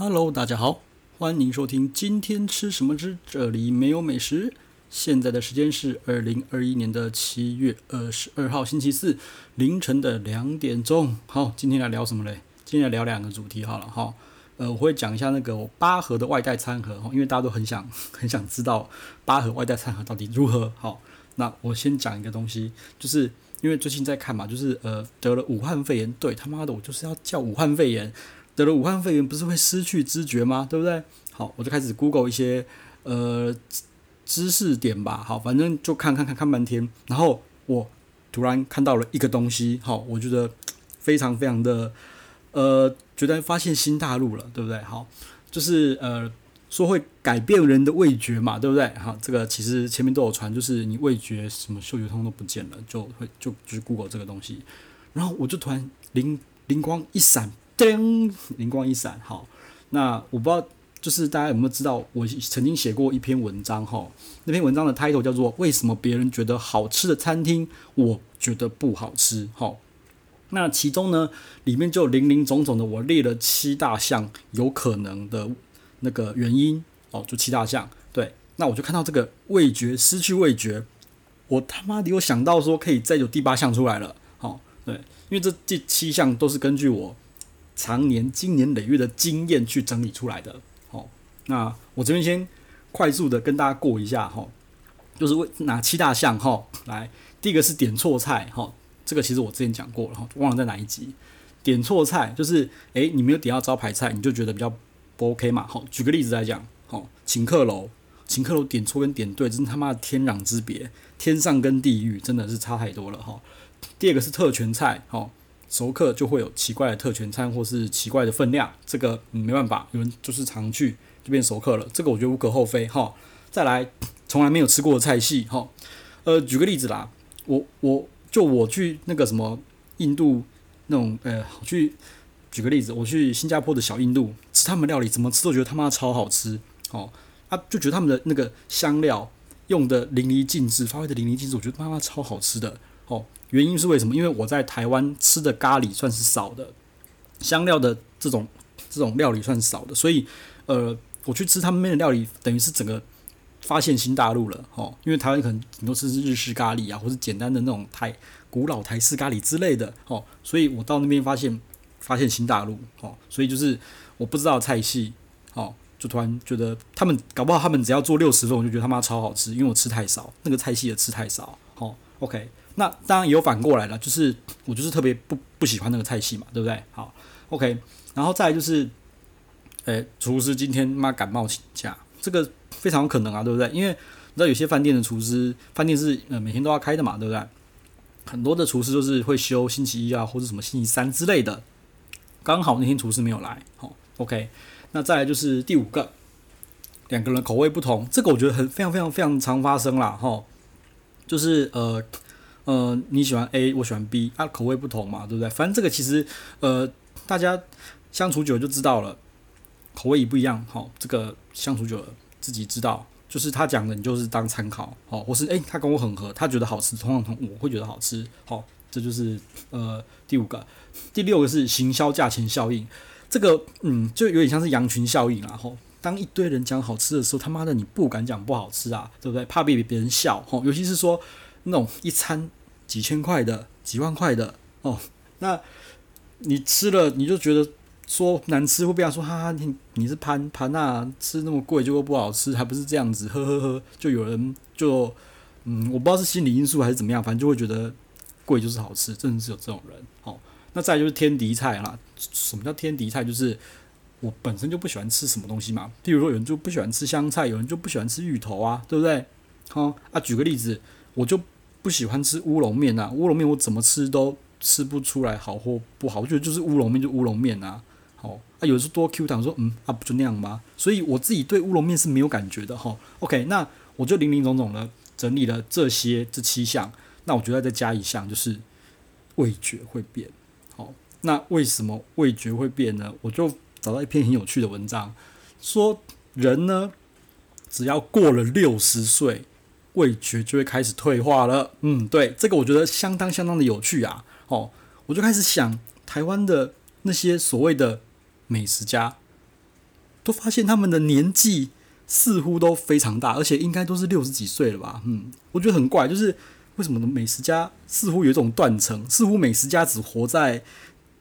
Hello，大家好，歡迎收聽今天吃什麼之這裡沒有美食。現在的時間是二零二一年的七月二十二號星期四凌晨的兩點鐘。好，今天來聊什麼嘞？今天來聊兩個主題好了哈、哦。呃，我會講一下那個八和的外帶餐盒、哦，因為大家都很想很想知道八和外帶餐盒到底如何。好、哦，那我先講一個東西，就是因為最近在看嘛，就是呃得了武漢肺炎。對他媽的，我就是要叫武漢肺炎。得了武漢肺炎不是會失去知覺嗎？對不對？好，我就開始 Google 一些呃知識點吧。好，反正就看看看看半天，然後我突然看到了一個東西。好，我覺得非常非常的呃，覺得發現新大陸了，對不對？好，就是呃說會改變人的味覺嘛，對不對？好，這個其實前面都有傳，就是你味覺什麼嗅覺通都不見了，就會就只 Google 這個東西。然後我就突然靈靈光一閃。叮！靈光一閃，好，那我不知道，就是大家有沒有知道，我曾經寫過一篇文章，哈，那篇文章的 title 叫做《為什麼別人覺得好吃的餐廳，我覺得不好吃》。哈，那其中呢，裡面就有零零總總的，我列了七大項有可能的那個原因，哦，就七大項。對，那我就看到這個味覺失去味覺，我他媽的又想到說可以再有第八項出來了。哈，對，因為這第七項都是根據我。常年經年累月的經驗去整理出來的，好，那我這邊先快速的跟大家過一下哈，就是為哪七大項哈來，第一個是點錯菜哈，這個其實我之前講過了哈，忘了在哪一集，點錯菜就是誒、欸，你沒有點到招牌菜，你就覺得比較不 OK 嘛，好，舉個例子來講，好，請客樓，請客樓點錯跟點對，真他媽的天壤之別，天上跟地獄真的是差太多了哈，第二個是特權菜哈。熟客就會有奇怪的特權餐或是奇怪的分量，這個、嗯、沒辦法，有人就是常去就變熟客了，這個我覺得無可厚非哈。再來，從來沒有吃過的菜系哈，呃，舉個例子啦，我我就我去那個什麼印度那種，呃，去舉個例子，我去新加坡的小印度吃他們料理，怎麼吃都覺得他媽超好吃哦，他、啊、就覺得他們的那個香料用的淋漓盡致，發揮的淋漓盡致，我覺得他媽超好吃的。哦，原因是為什麼？因為我在台灣吃的咖喱算是少的，香料的這種這種料理算少的，所以呃，我去吃他們那邊的料理，等於是整個發現新大陸了，哦，因為台灣可能很多吃日式咖喱啊，或是簡單的那種台古老台式咖喱之類的，哦，所以我到那邊發現發現新大陸，哦，所以就是我不知道菜系，哦，就突然覺得他們搞不好他們只要做六十份，我就覺得他媽超好吃，因為我吃太少，那個菜系也吃太少，哦。OK。那當然也有反過來了，就是我就是特別不不喜歡那個菜系嘛，對不對？好，OK，然後再來就是，誒、欸，廚師今天媽感冒請假，這個非常有可能啊，對不對？因為你知道有些飯店的廚師，飯店是呃每天都要開的嘛，對不對？很多的廚師就是會休星期一啊，或者什麼星期三之類的，剛好那天廚師沒有來，好、哦，OK，那再來就是第五個，兩個人口味不同，這個我覺得很非常非常非常常發生啦。吼、哦、就是呃。呃，你喜歡 A，我喜歡 B，啊，口味不同嘛，對不對？反正這個其實，呃，大家相處久了就知道了，口味也不一樣，好、哦，這個相處久了自己知道。就是他講的，你就是當參考，好、哦，或是誒、欸，他跟我很合，他覺得好吃，通常同我會覺得好吃，好、哦，這就是呃第五個，第六個是行銷價錢效應，這個嗯，就有點像是羊群效應啦、啊，吼、哦，當一堆人講好吃的時候，他媽的你不敢講不好吃啊，對不對？怕被別、別人笑，吼、哦，尤其是說那種一餐。幾千塊的，幾萬塊的哦，那你吃了你就覺得說難吃，會被人家說哈哈、啊，你你是潘潘那吃那麼貴就會不好吃，還不是這樣子，呵呵呵，就有人就嗯，我不知道是心理因素還是怎麼樣，反正就會覺得貴就是好吃，真的是有這種人哦。那再來就是天敵菜啦、啊，什麼叫天敵菜？就是我本身就不喜歡吃什麼東西嘛，比如說有人就不喜歡吃香菜，有人就不喜歡吃芋頭啊，對不對？哈、哦、啊，舉個例子，我就。不喜歡吃烏龍麵吶，烏龍麵我怎麼吃都吃不出來好或不好，我覺得就是烏龍麵就烏龍麵吶，好啊，有的時候多 Q 彈，說嗯啊，不就那樣嗎？所以我自己對烏龍麵是沒有感覺的哈。OK，那我就林林總總的整理了這些這七項，那我覺得再加一項就是味覺會變。好，那為什麼味覺會變呢？我就找到一篇很有趣的文章，說人呢，只要過了六十歲。味覺就會開始退化了。嗯，對，這個我覺得相當相當的有趣啊。哦，我就開始想，台灣的那些所謂的美食家，都發現他們的年紀似乎都非常大，而且應該都是六十幾歲了吧？嗯，我覺得很怪，就是為什麼美食家似乎有一種斷層，似乎美食家只活在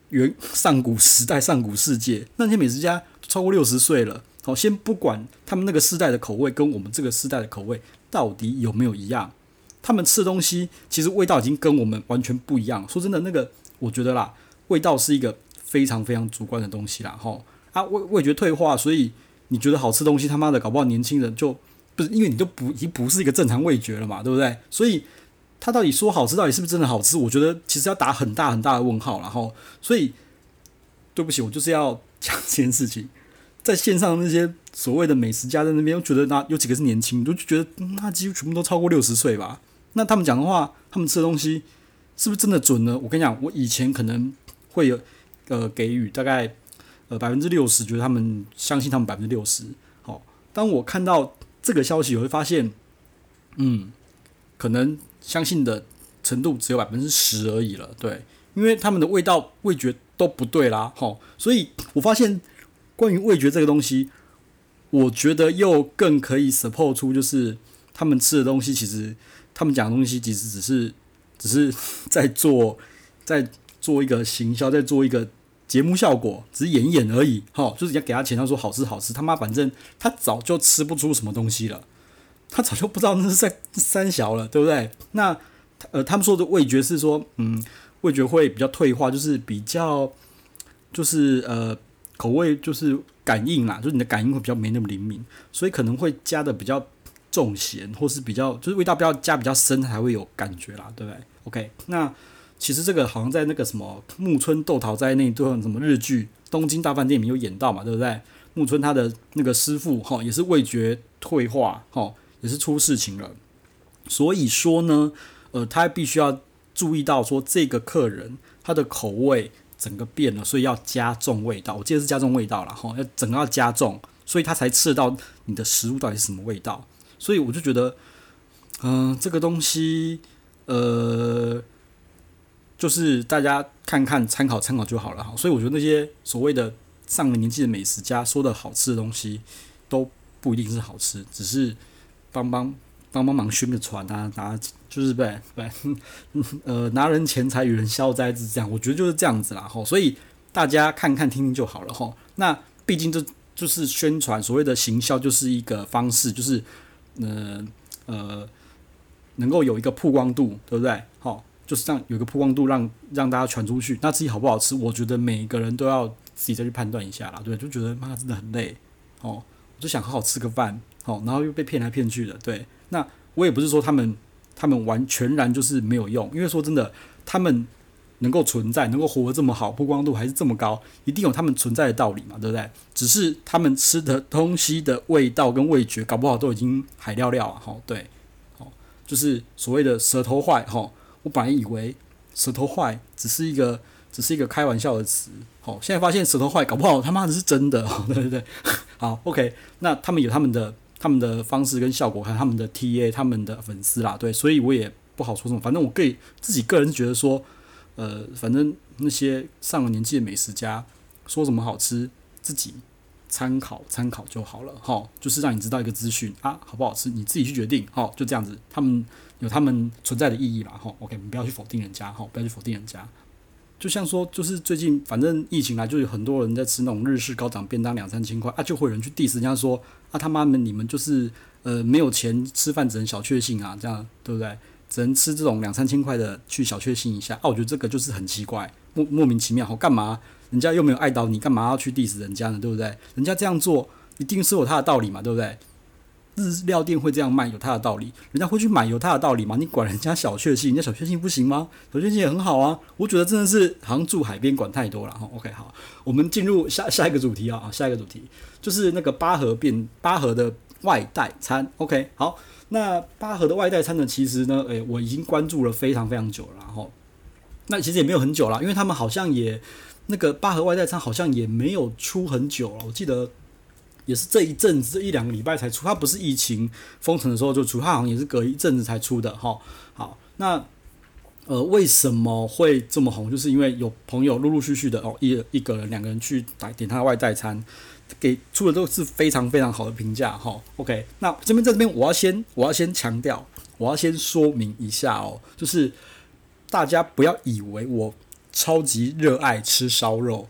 原上古時代、上古世界，那些美食家都超過六十歲了。好，哦，先不管他們那個時代的口味跟我們這個時代的口味。到底有沒有一樣？他們吃東西其實味道已經跟我們完全不一樣。說真的，那個我覺得啦，味道是一個非常非常主觀的東西啦。吼，啊味味覺退化，所以你覺得好吃東西，他媽的搞不好年輕人就不是，因為你就不已經不是一個正常味覺了嘛，對不對？所以他到底說好吃，到底是不是真的好吃？我覺得其實要打很大很大的問號，然後所以對不起，我就是要講這件事情。在線上的那些所謂的美食家在那邊，覺得那有幾個是年輕，都就覺得那幾乎全部都超過六十歲吧。那他們講的話，他們吃的東西，是不是真的準呢？我跟你講，我以前可能會有呃給予大概呃百分之六十，覺得他們相信他們百分之六十。好，哦，當我看到這個消息，我會發現，嗯，可能相信的程度只有百分之十而已了。對，因為他們的味道、味覺都不對啦，哦，所以我發現。關於味覺這個東西，我覺得又更可以 support 出，就是他們吃的東西，其實他們講的東西，其實只是只是在做在做一個行銷，在做一個節目效果，只是演一演而已。哈、哦，就是人家給他錢，他說好吃好吃，他媽反正他早就吃不出什麼東西了，他早就不知道那是在三、三小了，對不對？那呃，他們說的味覺是說，嗯，味覺會比較退化，就是比較就是呃。口味就是感應啦，就是你的感應會比較沒那麼靈敏，所以可能會加的比較重鹹，或是比較就是味道比較加比較深才會有感覺啦，對不對？OK，那其實這個好像在那個什麼木村拓哉在那一段什麼日劇嗯，《東京大飯店》裡面有演到嘛，對不對？木村他的那個師傅哈也是味覺退化，哈也是出事情了，所以說呢，呃，他必須要注意到說這個客人他的口味。整個變了，所以要加重味道。我記得是加重味道了哈，要整個要加重，所以他才吃得到你的食物到底是什麼味道。所以我就覺得，嗯、呃，這個東西，呃，就是大家看看參考參考就好了。所以我覺得那些所謂的上了年紀的美食家說的好吃的東西，都不一定是好吃，只是幫幫幫幫忙宣個傳啊，大家。就是對，嗯，呃，拿人錢財與人消災是這樣，我覺得就是這樣子啦。吼，所以大家看看聽聽就好了。吼，那畢竟這就，就是宣傳所謂的行銷，就是一個方式，就是，嗯、呃，呃，能夠有一個曝光度，對不對？好，就是這樣有一個曝光度讓，讓讓大家傳出去。那自己好不好吃？我覺得每一個人都要自己再去判斷一下啦。對，就覺得媽真的很累，哦，我就想好好吃個飯，好，然後又被騙來騙去的。對，那我也不是說他們。他們完全然就是沒有用，因為說真的，他們能夠存在，能夠活得這麼好，曝光度還是這麼高，一定有他們存在的道理嘛，對不對？只是他們吃的東西的味道跟味覺，搞不好都已經害了了了，吼，對，哦，就是所謂的舌頭壞，吼，我本來以為舌頭壞只是一個，只是一個開玩笑的詞，吼，現在發現舌頭壞，搞不好他媽的是真的，對不對？好，OK，那他們有他們的。他們的方式跟效果，還有他們的 T A、他們的粉絲啦，對，所以我也不好說什麼。反正我可以自己個人覺得說，呃，反正那些上了年紀的美食家說什麼好吃，自己參考參考就好了，哈，就是讓你知道一個資訊啊，好不好吃你自己去決定，哈，就這樣子。他們有他們存在的意義啦，哈，OK，你不要去否定人家，哈，不要去否定人家。就像說，就是最近反正疫情來，就有很多人在吃那種日式高檔便當，兩三千塊啊，就會有人去 diss 人家說啊他媽的，你們就是呃沒有錢吃飯，只能小確幸啊，這樣對不對？只能吃這種兩三千塊的去小確幸一下啊，我覺得這個就是很奇怪，莫莫名其妙，好幹嘛？人家又沒有礙到你，幹嘛要去 diss 人家呢？對不對？人家這樣做一定是有他的道理嘛，對不對？日料店會這樣賣，有它的道理。人家會去買，有它的道理嗎？你管人家小確幸，人家小確幸不行嗎？小確幸也很好啊。我覺得真的是，好像住海邊管太多了哈。OK，好，我們進入下下一個主題啊、哦、下一個主題就是那個八和變八和的外帶餐。OK，好，那八和的外帶餐呢，其實呢，誒、欸，我已經關注了非常非常久了，然後那其實也沒有很久了，因為他們好像也那個八和外帶餐好像也沒有出很久了，我記得。也是這一陣子，這一兩個禮拜才出，它不是疫情封城的時候就出，它好像也是隔一陣子才出的哈。好，好，那呃為什麼會這麼紅？就是因為有朋友陸陸續續的哦，一一個人、兩個人去打點他的外帶餐，給出的都是非常非常好的評價哈。OK，那這邊在這邊我要先我要先強調，我要先說明一下哦，就是大家不要以為我超級熱愛吃燒肉，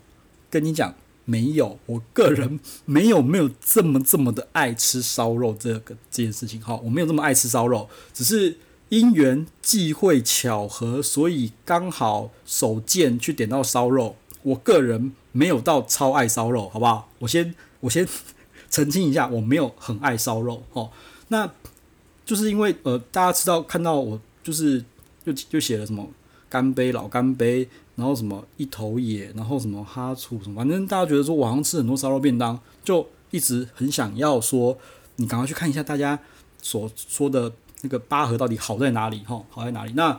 跟你講。沒有，我個人沒有沒有這麼這麼的愛吃燒肉這個這件事情哈，我沒有這麼愛吃燒肉，只是因緣際會巧合，所以剛好手賤去點到燒肉。我個人沒有到超愛燒肉，好不好？我先我先澄清一下，我沒有很愛燒肉哦。那就是因為呃，大家知道看到我就是就就寫了什麼乾杯、老乾杯。然後什麼一頭野，然後什麼哈醋，什麼反正大家覺得說我好像吃很多燒肉便當，就一直很想要說，你趕快去看一下大家所說的那個八和到底好在哪裡，吼好在哪裡？那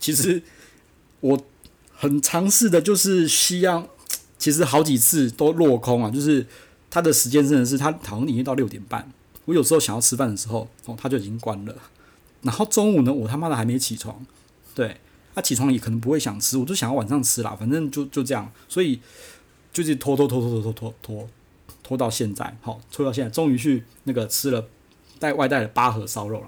其實我很嘗試的，就是希望其實好幾次都落空啊，就是他的時間真的是他好像營業到六點半，我有時候想要吃飯的時候，哦他就已經關了。然後中午呢，我他媽的還沒起床，對。他、啊、起床也可能不會想吃，我就想要晚上吃啦，反正就就這樣，所以就是拖拖拖拖拖拖拖拖到現在，好拖到現在，終於去那個吃了帶外帶的八和燒肉了。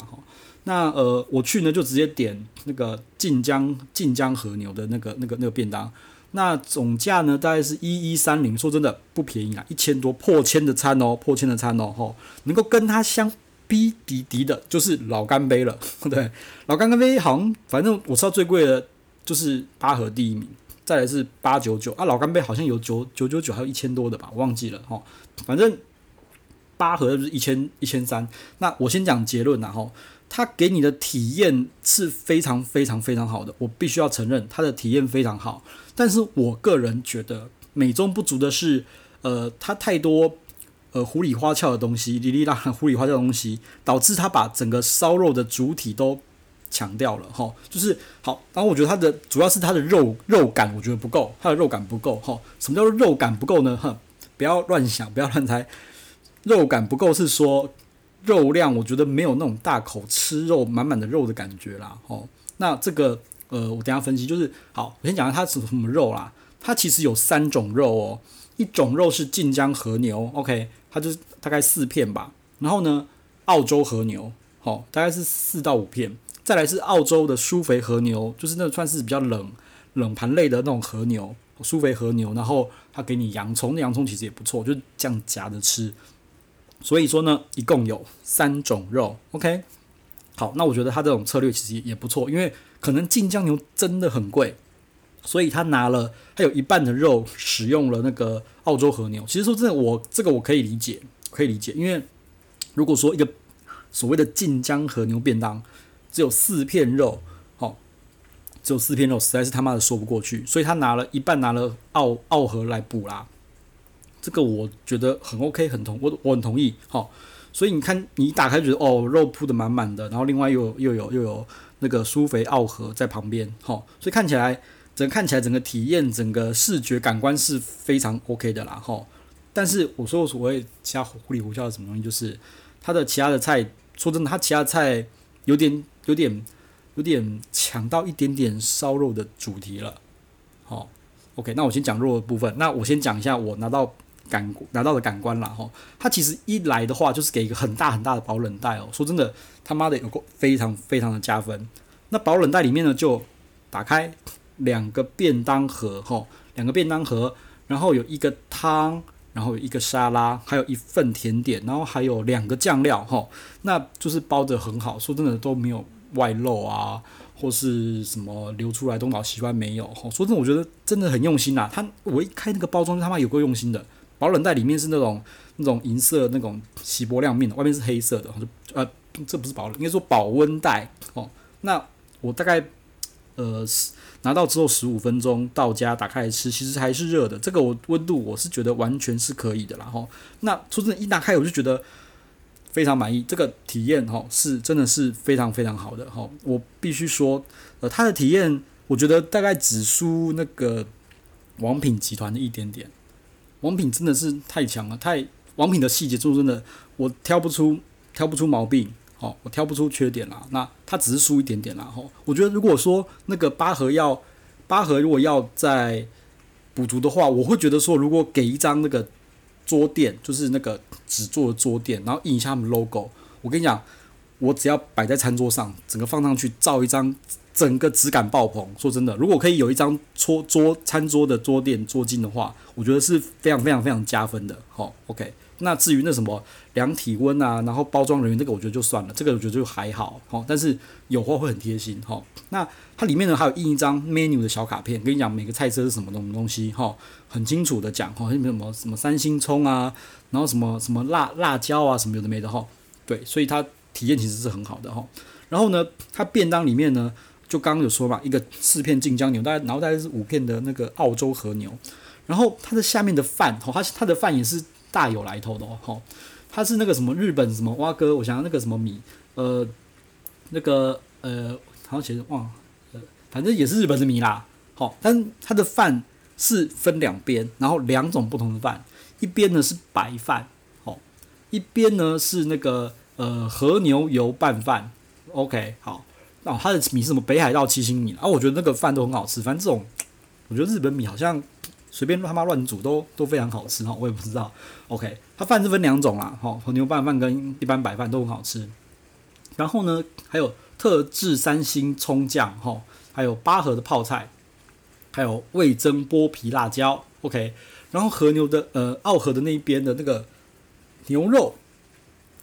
那呃，我去呢就直接點那個近江近江和牛的那個那個那個便當，那總價呢大概是一一三零，說真的不便宜啊，一千多破千的餐哦，破千的餐哦，喔喔，能夠跟他相。B D D 的，就是老乾杯了，對，老乾，乾杯好像，反正我知道最貴的就是八和第一名，再來是八九九啊，老乾杯好像有九九九九，還有一千多的吧，我忘記了哦。反正八和就是一千一千三。那我先講結論，然後，啊，它給你的體驗是非常非常非常好的，我必須要承認它的體驗非常好，但是我個人覺得美中不足的是，呃，它太多。呃，狐狸花俏的東西，里里啦，狐狸花俏的東西，導致他把整個燒肉的主體都搶掉了哈，就是好，然後我覺得它的主要是它的肉肉感，我覺得不夠，它的肉感不夠哈。什麼叫肉感不夠呢？哼，不要亂想，不要亂猜，肉感不夠是說肉量，我覺得沒有那種大口吃肉、滿滿的肉的感覺啦。哦，那這個呃，我等一下分析，就是好，我先講它是什麼肉啦，啊，它其實有三種肉哦，一種肉是近江和牛，OK。它就是大概四片吧，然後呢，澳洲和牛，哦，大概是四到五片，再來是澳洲的舒肥和牛，就是那個算是比較冷冷盤類的那種和牛，舒肥和牛，然後它給你洋蔥，那洋蔥其實也不錯，就這樣夾着吃。所以說呢，一共有三種肉，OK，好，那我覺得他這種策略其實也不錯，因為可能近江牛真的很貴。所以他拿了他有一半的肉使用了那個澳洲和牛。其實說真的，我這個我可以理解，可以理解。因為如果說一個所謂的近江和牛便當只有四片肉，哦，只有四片肉，實在是他媽的說不過去。所以他拿了一半，拿了澳澳和來補啦。這個我覺得很 OK，很同我我很同意。好，所以你看，你打開覺得哦，肉鋪得滿滿的，然後另外又有又有又有那個酥肥澳和在旁邊，好，所以看起來。整個看起來，整個體驗，整個視覺感官是非常 OK 的啦，哈，但是我說我所謂其他糊里糊塗的什麼東西，就是它的其他的菜，說真的，它其他的菜有點有點有點搶到一點點燒肉的主題了，好，OK，那我先講肉的部分，那我先講一下我拿到感拿到的感官啦，哈，它其實一來的話，就是給一個很大很大的保冷袋哦，說真的，他媽的有個非常非常的加分。那保冷袋裡面呢，就打開。兩個便當盒，吼、哦，兩個便當盒，然後有一個湯，然後有一個沙拉，還有一份甜點，然後還有兩個醬料，吼、哦，那就是包得很好，說真的都沒有外漏啊，或是什麼流出來東倒西歪沒有，吼、哦，說真的我覺得真的很用心吶、啊，他我一開那個包裝，他媽有夠用心的，保冷袋裡面是那種那種銀色那種錫箔亮面的，外面是黑色的，就呃這不是保冷，應該說保溫袋哦，那我大概呃，拿到之後十五分鐘到家打開來吃，其實還是熱的。這個溫度我是覺得完全是可以的啦。然後，那說真的，一打開我就覺得非常滿意。這個體驗哈是真的是非常非常好的哈。我必須說，呃，它的體驗我覺得大概只輸那個王品集團的一點點。王品真的是太強了，太王品的細節做真的我挑不出挑不出毛病。哦，我挑不出缺點啦。那它只是輸一點點啦。吼，我覺得如果說那個八和要八和，如果要再補足的話，我會覺得說，如果給一張那個桌墊，就是那個紙做的桌墊，然後印一下他們 logo，我跟你講，我只要擺在餐桌上，整個放上去，照一張，整個質感爆棚。說真的，如果可以有一張桌桌餐桌的桌墊桌巾的話，我覺得是非常非常非常加分的。好，哦，OK。那至於那什麼量體溫啊，然後包裝人員這個我覺得就算了，這個我覺得就還好，好，但是有貨會很貼心，哈。那它裡面呢還有印一張 menu 的小卡片，跟你講每個菜色是什麼東東西，哈，很清楚的講，哈，什麼什麼三星蔥啊，然後什麼什麼辣辣椒啊，什麼有的沒的，哈，對，所以它體驗其實是很好的，哈。然後呢，它便當裡面呢，就剛剛有說嘛，一個四片近江牛大概然後大概是五片的那個澳洲和牛，然後它的下面的飯，哈，它它的飯也是。大有來頭的哦，好，他是那個什麼日本什麼蛙哥，我想要那個什麼米，呃，那個呃，好像其實忘了，呃，反正也是日本的米啦，好，但他的飯是分兩邊，然後兩種不同的飯，一邊呢是白飯，好，一邊呢是那個呃和牛油拌飯，OK，好，那他的米是什麼北海道七星米，啊，我覺得那個飯都很好吃，反正這種，我覺得日本米好像。隨便他媽亂煮，都都非常好吃哈，我也不知道。OK，它飯是分兩種啦，好，和牛拌飯跟一般白飯都很好吃。然後呢，還有特制三星蔥醬，還有八和的泡菜，還有味噌剝皮辣椒。OK，然後和牛的呃澳和的那一邊的那個牛肉，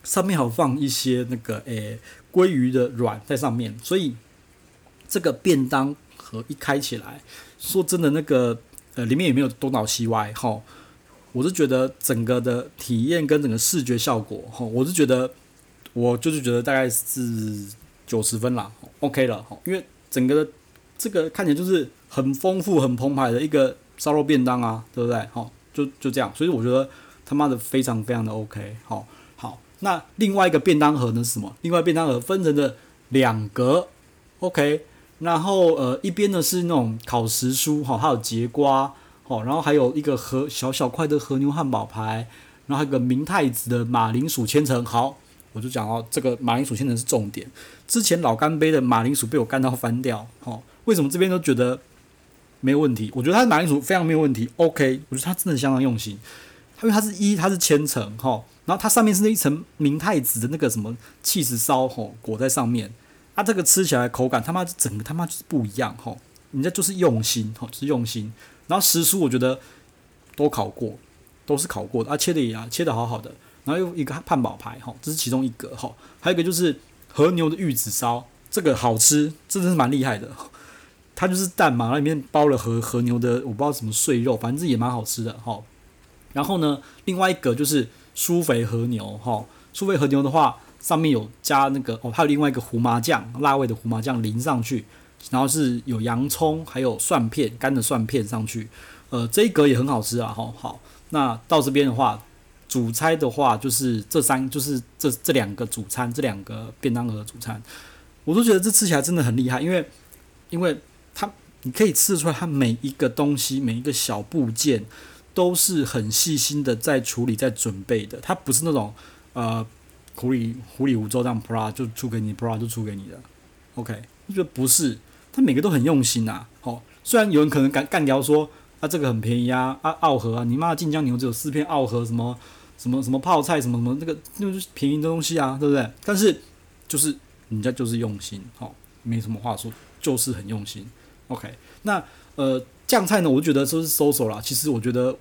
上面好放一些那個誒鮭魚的卵在上面，所以這個便當盒一開起來，說真的那個。呃，裡面也沒有東倒西歪哈，我是覺得整個的體驗跟整個視覺效果哈，我是覺得我就是覺得大概是九十分啦，OK 了哈，因為整個這個看起來就是很豐富、很澎湃的一個燒肉便當啊，對不對？哈，就就這樣，所以我覺得他媽的非常非常的 OK，好，好，那另外一個便當盒呢是什麼？另外便當盒分成了兩格，OK。然後呃一邊呢是那種烤時蔬哈，還、哦、有櫛瓜哦，然後還有一個和小小塊的和牛漢堡排，然後還有一個明太子的馬鈴薯千層。好，我就講哦，這個馬鈴薯千層是重點。之前老乾杯的馬鈴薯被我幹到翻掉，哦，為什麼這邊都覺得沒有問題？我覺得它的馬鈴薯非常沒有問題，OK，我覺得他真的相當用心。因為它是一它是千層哈，然後它上面是那一層明太子的那個什麼起司燒哦裹在上面。它這個吃起來口感，他媽整個他媽就是不一樣哈！人家就是用心哈，是用心。然後時蔬我覺得都烤過，都是烤過的啊，切的也啊切的好好的。然後又一個漢堡排哈，這是其中一個哈，還有一個就是和牛的玉子燒，這個好吃，真的是蠻厲害的。它就是蛋嘛，那裡面包了和和牛的，我不知道什麼碎肉，反正也蠻好吃的哈。然後呢，另外一個就是舒肥和牛哈，舒肥和牛的話，上面有加那個哦，還有另外一個胡麻醬，辣味的胡麻醬淋上去，然後是有洋蔥，還有蒜片乾的蒜片上去，呃，這一格也很好吃啊，好、哦、好。那到這邊的話，主菜的話就是這三，就是這這兩個主餐，這兩個便當盒的主餐，我都覺得這吃起來真的很厲害，因為，因為它你可以吃出來，它每一個東西每一個小部件都是很細心的在處理在準備的，它不是那種呃。糊里糊里糊塗這樣啪就出給你，啪就出給你的，OK？我覺得不是，他每個都很用心啊。哦，雖然有人可能幹幹掉說，啊，這個很便宜啊，啊，奧盒啊，你媽近江牛只有四片奧盒什麼什麼什麼泡菜，什麼什麼那個就是便宜的東西啊，對不對？但是就是人家就是用心，哦，沒什麼話說，就是很用心，OK？那呃醬菜呢，我覺得就是收手啦。其實我覺得。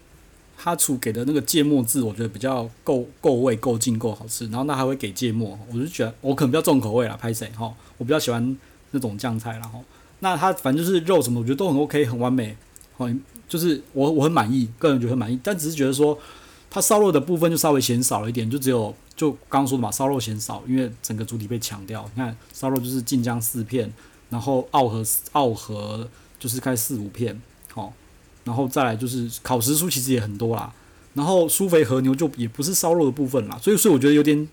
他煮給的那個芥末汁，我覺得比較夠夠味、夠勁、夠好吃。然後那還會給芥末，我就覺得我可能比較重口味啦，偏鹹哈。我比較喜歡那種醬菜啦哈。那它反正就是肉什麼，我覺得都很 OK，很完美，很就是我我很滿意，個人覺得很滿意。但只是覺得說，它燒肉的部分就稍微嫌少了一點，就只有就剛剛說的嘛，燒肉嫌少，因為整個主體被搶掉。你看燒肉就是近江四片，然後奧和奧和就是開四五片，好。然後再來就是烤食蔬，其實也很多啦。然後舒肥和牛就也不是燒肉的部分啦，所以所以我覺得有點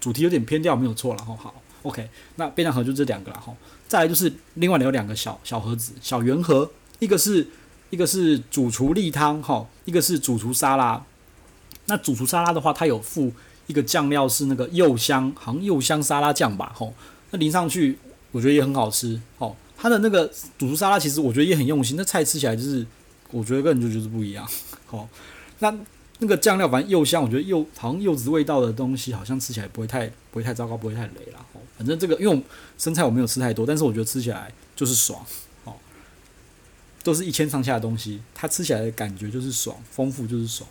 主題有點偏掉，沒有錯啦。吼、哦，好，OK，那便當盒就這兩個啦。吼、哦，再來就是另外有兩個小小盒子，小圓盒，一個是一個是主廚例湯，哈、哦，一個是主廚沙拉。那主廚沙拉的話，它有附一個醬料，是那個柚香好像柚香沙拉醬吧，吼、哦，那淋上去我覺得也很好吃，吼、哦。它的那個煮出沙拉，其實我覺得也很用心。那菜吃起來就是，我覺得跟你就就是不一樣。好、哦，那那個醬料，反正柚香，我覺得柚好像柚子味道的東西，好像吃起來不會太不會太糟糕，不會太雷了、哦。反正這個用生菜我沒有吃太多，但是我覺得吃起來就是爽。哦，都是一千上下的東西，它吃起來的感覺就是爽，豐富就是爽。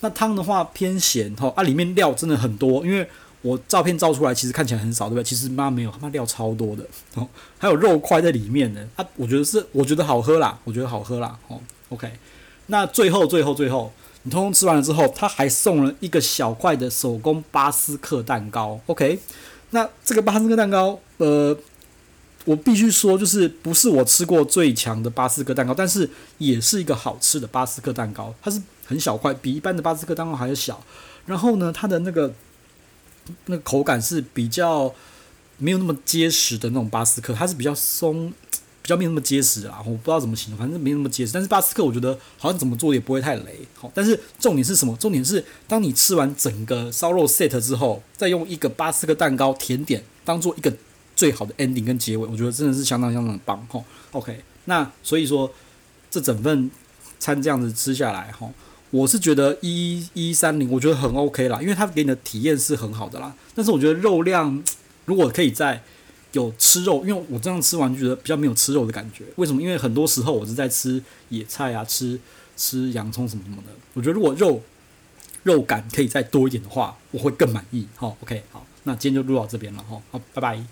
那湯的話偏鹹，哈、哦啊，裡面料真的很多，因為。我照片照出來其實看起來很少，對吧？其實媽沒有，他媽料超多的哦，還有肉塊在裡面的它、啊、我覺得是，我覺得好喝啦，我覺得好喝啦。哦，OK，那最後最後最後，你通通吃完了之後，它還送了一個小塊的手工巴斯克蛋糕。OK，那這個巴斯克蛋糕，呃，我必須說就是不是我吃過最強的巴斯克蛋糕，但是也是一個好吃的巴斯克蛋糕。它是很小塊，比一般的巴斯克蛋糕還要小。然後呢，它的那個。那個口感是比較沒有那麼結實的那種巴斯克，它是比較鬆，比較沒有那麼結實啊。我不知道怎麼形容，反正沒那麼結實。但是巴斯克我覺得好像怎麼做也不會太雷。但是重點是什麼？重點是當你吃完整個燒肉 set 之後，再用一個巴斯克蛋糕甜點當做一個最好的 ending 跟結尾，我覺得真的是相當相當的棒。哈，OK，那所以說這整份餐這樣子吃下來，哈。我是覺得一一三零，我覺得很 OK 啦，因為它給你的體驗是很好的啦。但是我覺得肉量如果可以再有吃肉，因為我這樣吃完就覺得比較沒有吃肉的感覺。為什麼？因為很多時候我是在吃野菜啊，吃吃洋蔥什麼什麼的。我覺得如果肉肉感可以再多一點的話，我會更滿意。好，哦，OK，好，那今天就錄到這邊了，哦，好，拜拜。